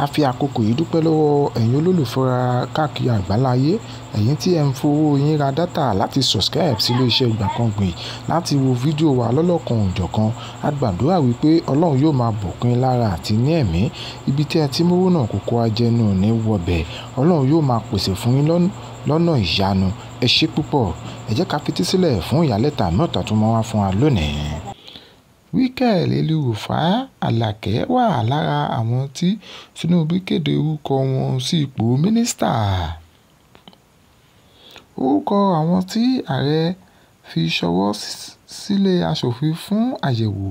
a fi àkókò yìí dúpẹ́ lọ́wọ́ ẹ̀yin olólùfẹ́ wa káàkiri àgbáláyé ẹ̀yin tí ẹ̀ ń fowó yín ra dátà láti subscribe sí iléeṣẹ́ Gbankanbi láti wo fídíò wa lọ́lọ́kan òjọ̀kan a gbàdúrà wípé ọlọ́run yóò máa bùkún lára àti ní ẹ̀mí ibi tí ẹ ti mówó náà kókó ajẹnu ní wọbẹ̀ ọlọ́run yóò máa pèsè fún yín lọ́nà ìyanu ẹ ṣé púpọ̀ ẹ jẹ́ ká fetí sílẹ̀ fún ìyálẹ́ta Mikel El-Rufai Alake wà lára àwọn tí Tinubu kéde orúkọ wọn sí ipò mínísítà. Orúkọ àwọn tí ààrẹ fi ṣọwọ́ sílé aṣòfin fún àyẹ̀wò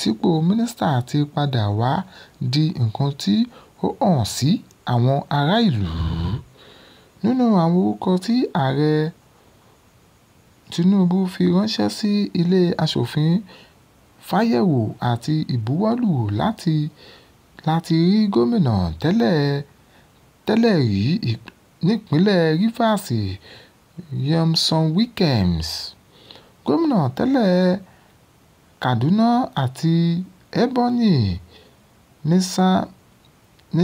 sípò mínísítà ti padà wá di nǹkan tí ó hàn sí àwọn ará ìlú. Nínú àwọn orúkọ tí ààrẹ Tinubu fi ránṣẹ́ sí ilé aṣòfin fàyẹ̀wò àti ìbuwọ́lù láti láti rí gómìnà tẹ́lẹ̀ tẹ́lẹ̀ rí nípínlẹ̀ Rivers Nyesom Wikems, gómìnà tẹ́lẹ̀ Kaduna àti ebony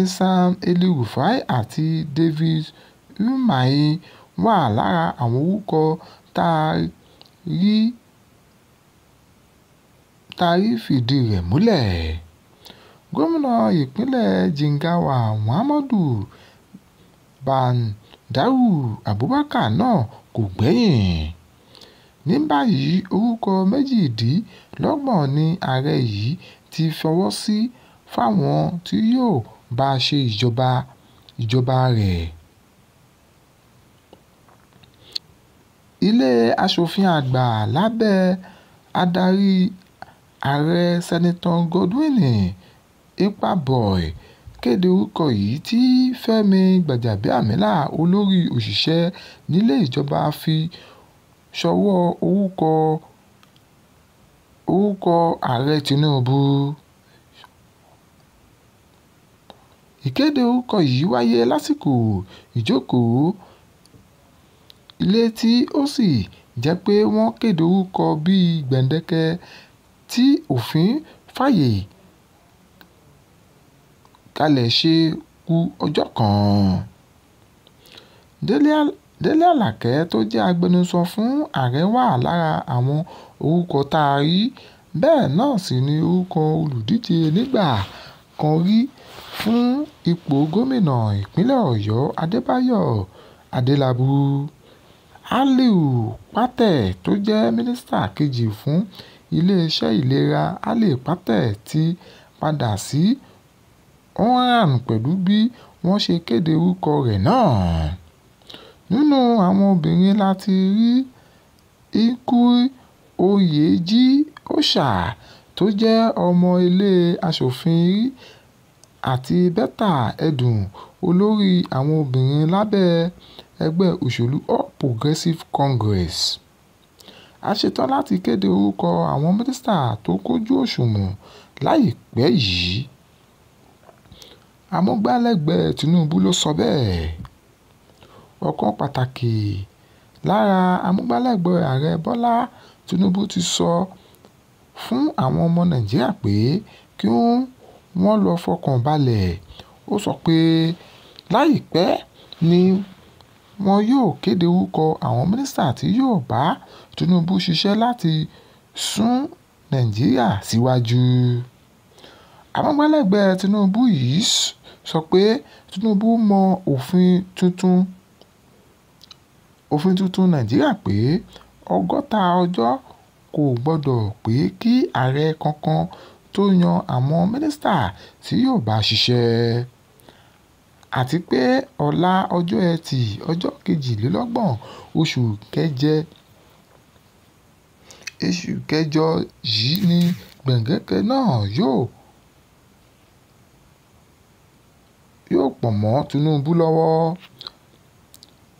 Nyesom El-Rufai àti David Umahi wà lára àwọn orúkọ tá a rí tari fìdí rẹ̀ múlẹ̀. Gómìnà ìpínlẹ̀ Jigawa Muhammadu Bandaru Abubakar náà kò gbẹ́yìn. Ní báyìí orúkọ méjìdínlọ́gbọ̀n ni ààrẹ yìí ti fọwọ́ sí fáwọn tí yóò bá ṣe ìjọba ìjọba rẹ̀. Ilé Aṣòfin Àgbà lábẹ́ adarí Ààrẹ Sẹ́nitọ̀ Godwin Ipaboy kéde orúkọ èyí tí Fẹ́mi Gbàjàbíàmílà, olórí òṣìṣẹ́ nílé ìjọba fi sọwọ́ orúkọ Ààrẹ Tinubu. Ìkéde orúkọ yìí wáyé lásìkò ìjókòó ilé tí ó sì jẹ́ pé wọ́n kéde orúkọ bíi gbèǹdéke tí òfin fààyè kalẹ̀ ṣe ku ọjọ́ kan. Délé Àlàkẹ́ tó jẹ́ agbẹnusọ fún ààrẹ wà lára àwọn orúkọ tá a rí, bẹ́ẹ̀ náà sì ni orúkọ olùdíje nígbà kan rí fún ipò gómìnà ìpínlẹ̀ Ọ̀yọ́ Adébáyọ̀ Adélábù. Aliu Pátẹ̀ tó jẹ́ mínísítà kejì fún Ilé-iṣẹ́ Ìlera Hale Patel ti padà sí Oran pẹ̀lú bí wọ́n ṣe kéde orúkọ rẹ̀ náà. Nínú àwọn obìnrin láti rí Ikpe Oyèji Ọsha tó jẹ́ ọmọ ilé aṣòfin rí àti Betha Edun, olórí àwọn obìnrin lábẹ́ ẹgbẹ́ òṣèlú All Progressive Congress a ṣetán láti kéde orúkọ àwọn mínísítà tó kójú òṣùwọ̀n láìpẹ́ yìí. Amúgbálẹ́gbẹ̀ẹ́ Tinubu ló sọ bẹ́ẹ̀. Ọ̀kan pàtàkì lára amúgbálẹ́gbẹ̀ẹ́ Ààrẹ Bọ́lá Tinubu ti sọ fún àwọn ọmọ Nàìjíríà pé kí wọ́n lọ́ọ́ fọkàn balẹ̀. Ó sọ pé láìpẹ́ ni wọn yóò kéde orúkọ àwọn mínísítà tí yóò bá Tinubu ṣiṣẹ́ láti sún Nàìjíríà síwájú. Amúgbálẹ́gbẹ̀ẹ́ Tinubu yìí sọ pé Tinubu mọ òfin tuntun Nàìjíríà pé ọgọ́ta ọjọ́ kò gbọdọ̀ pé kí ààrẹ kankan tó yan àwọn mínísítà tí yóò bá ṣiṣẹ́, àti pé ọ̀la ọjọ́ Ẹtì ọjọ́ kejìlélọ́gbọ̀n oṣù keje. Oṣù kẹjọ yìí ni gbèǹgéke náà yóò pọ̀ mọ́ Tinubu lọ́wọ́.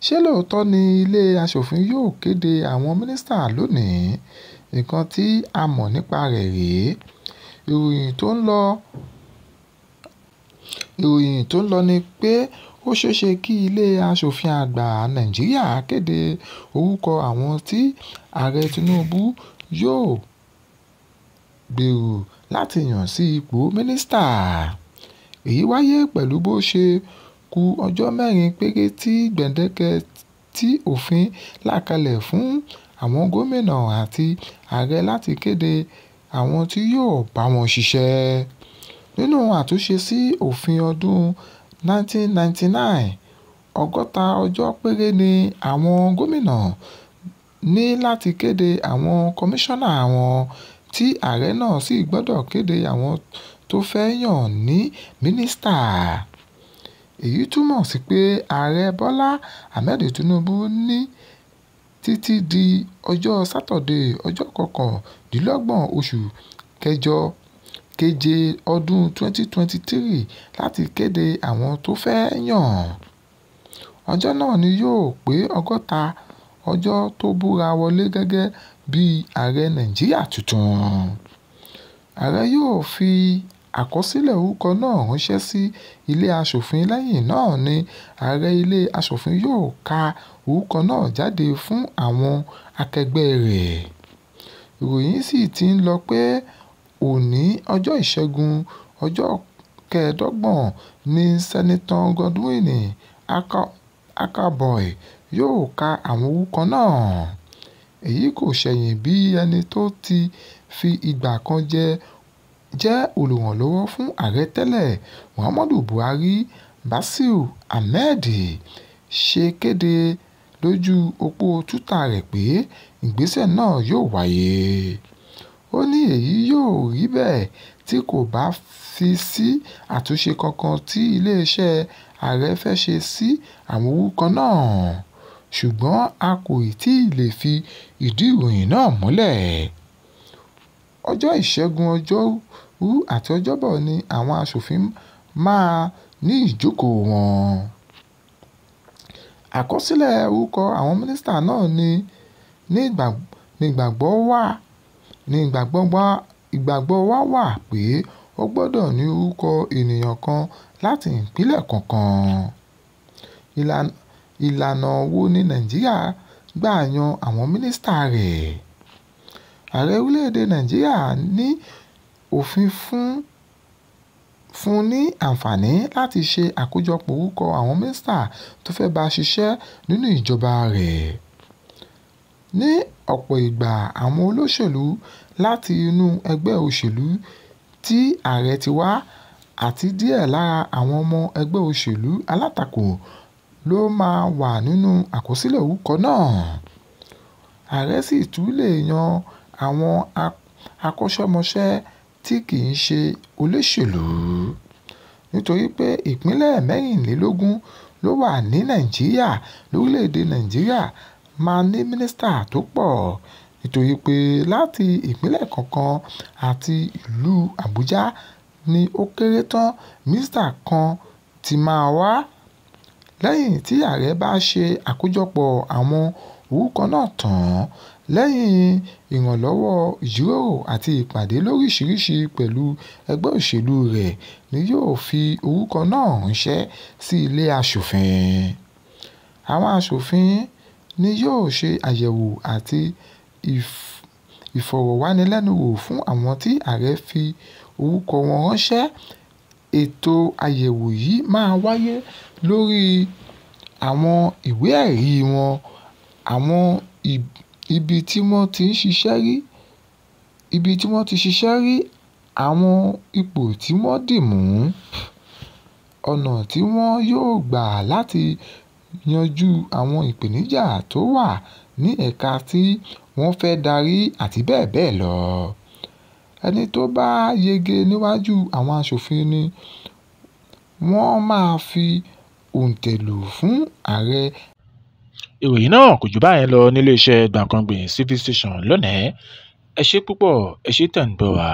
Ṣé lóòótọ́ ni ilé aṣòfin yóò kéde àwọn mínísítà lónìí? Nǹkan tí a mọ̀ nípa rẹ̀ rè é. Ìròyìn tó ń lọ ni pé ó ṣeéṣe kí ilé asòfin àgbà Nàìjíríà kéde orúkọ àwọn tí Ààrẹ Tinubu yóò gbèrò láti yàn sí ipò mínísítà. Èyí wáyé pẹ̀lú bó ṣe ku ọjọ́ mẹ́rin péré tí gbèǹdéke tí òfin là kalẹ̀ fún àwọn gómìnà àti ààrẹ láti kéde àwọn tí yóò bá wọn ṣiṣẹ́. Nínú àtúnṣe sí òfin ọdún 1999 Ọgọ́ta ọjọ́ péré ni àwọn gómìnà ní láti kéde àwọn kọmíṣánná wọn, tí ààrẹ náà sì gbọdọ̀ kéde àwọn tó fẹ́ yàn ní mínísítà. Èyí túmọ̀ sí pé Ààrẹ Bọ́lá Ahmed Tinubu ní títí di ọjọ́ Sátidé ọjọ́ kọkàndínlọ́gbọ̀n oṣù kẹjọ keje ọdún 2023 láti kéde àwọn tó fẹ́ yàn. Ọjọ́ náà ni yóò pé ọgọ́ta ọjọ́ tó búra wọlé gẹ́gẹ́ bí ààrẹ Nàìjíríà tuntun. Ààrẹ yóò fi àkọsílẹ̀ orúkọ náà ránṣẹ́ sí Ilé Aṣòfin lẹ́yìn náà ni ààrẹ Ilé Aṣòfin yóò ka orúkọ náà jáde fún àwọn akẹgbẹ́ rẹ̀. Ìròyìn sì ti ń lọ pé Òní, ọjọ́ Ìṣẹ́gun, ọjọ́ kẹẹ̀dọ́gbọ̀n, ni Sẹ́nitọ̀ Godwin Aquaboy yóò ka àwọn orúkọ náà. Èyí kò ṣẹ̀yìn bí ẹni tó ti fi ìgbà kan jẹ́ olùrànlọ́wọ́ fún ààrẹ tẹ́lẹ̀ Muhammadu Buhari, Bashir Ahmed ṣe kéde lójú òpó Twitter rẹ̀ pé ìgbésẹ̀ náà yóò wáyé èyí yóò rí bẹ́ẹ̀ tí kò bá fi sí àtúnṣe kankan tí ilé-iṣẹ́ ààrẹ fẹ́ ṣe sí àwọn orúkọ náà, ṣùgbọ́n a kò tíì lè fi ìdí ìròyìn náà múlẹ̀. Ọjọ́ Ìṣẹ́gun, Ọjọ́rú àti Ọjọ́bọ̀ ni àwọn aṣòfin máa ní ìjókòó wọn. Àkọsílẹ̀ orúkọ àwọn mínísítà náà ní ìgbàgbọ́ wà ni ìgbàgbọ́ wa wà pé ó gbọdọ̀ ní orúkọ ènìyàn kan láti ìpínlẹ̀ kọ̀ọ̀kan. Ìlànà wo ni Nàìjíríà gbà yan àwọn mínísítà rẹ̀? Ààrẹ orílẹ̀-èdè Nàìjíríà ní òfin fún ní àǹfààní láti ṣe àkójọpọ̀ orúkọ àwọn mínísítà tó fẹ́ bá ṣiṣẹ́ nínú ìjọba rẹ̀. Ní ọ̀pọ̀ ìgbà àwọn olóṣèlú láti inú ẹgbẹ́ òṣèlú tí ààrẹ ti wá àti díẹ̀ lára àwọn ọmọ ẹgbẹ́ òṣèlú alátakò ló máa wà nínú àkọsílẹ̀ orúkọ náà. Ààrẹ sì tún lè yan àwọn akọ́ṣẹ́mọṣẹ́ tí kìí ṣe olóṣèlú. Nítorí pé ìpínlẹ̀ mẹ́rìnlélógún ló wà ní Nàìjíríà, lórílẹ̀-èdè Nàìjíríà máa ní mínísítà tó pọ̀ nítorí pé láti ìpínlẹ̀ kọ̀ọ̀kan àti ìlú Àbújá ní ó kéré tán mínísítà kan ti máa wá. Lẹ́yìn tí ààrẹ bá ṣe àkójọpọ̀ àwọn orúkọ náà tán, lẹ́yìn ìrànlọ́wọ́ ìjíròrò àti ìpàdé lóríṣìíríṣìí pẹ̀lú ẹgbẹ́ òṣèlú rẹ̀ ni yóò fi orúkọ náà ránṣẹ́ sí Ilé Aṣòfin. Àwọn aṣòfin ni yóò ṣe àyẹ̀wò àti ìfọ̀rọ̀wánilẹ́nuwò fún àwọn tí ààrẹ fi orúkọ wọn ránṣẹ́. Ètò àyẹ̀wò yìí máa wáyé lórí àwọn ìwé-ẹ̀rí wọn, àwọn ibi tí wọ́n ti ṣiṣẹ́ rí, àwọn ipò tí wọ́n dì mú, ọ̀nà tí wọ́n yóò gbà láti yanjú àwọn ìpèníjà tó wà ní ẹ̀ka tí wọ́n fẹ́ darí àti bẹ́ẹ̀ bẹ́ẹ̀ lọ. Ẹni tó bá yege níwájú àwọn aṣòfin ni wọ́n máa fi òǹtẹ̀ lù fún ààrẹ. Ìròyìn náà kò jù báyẹn lọ nílé iṣẹ́ Gbankanbi TV station lónìí. Ẹ ṣé púpọ̀, ẹ ṣé tẹ̀ ń gbọ́ wa.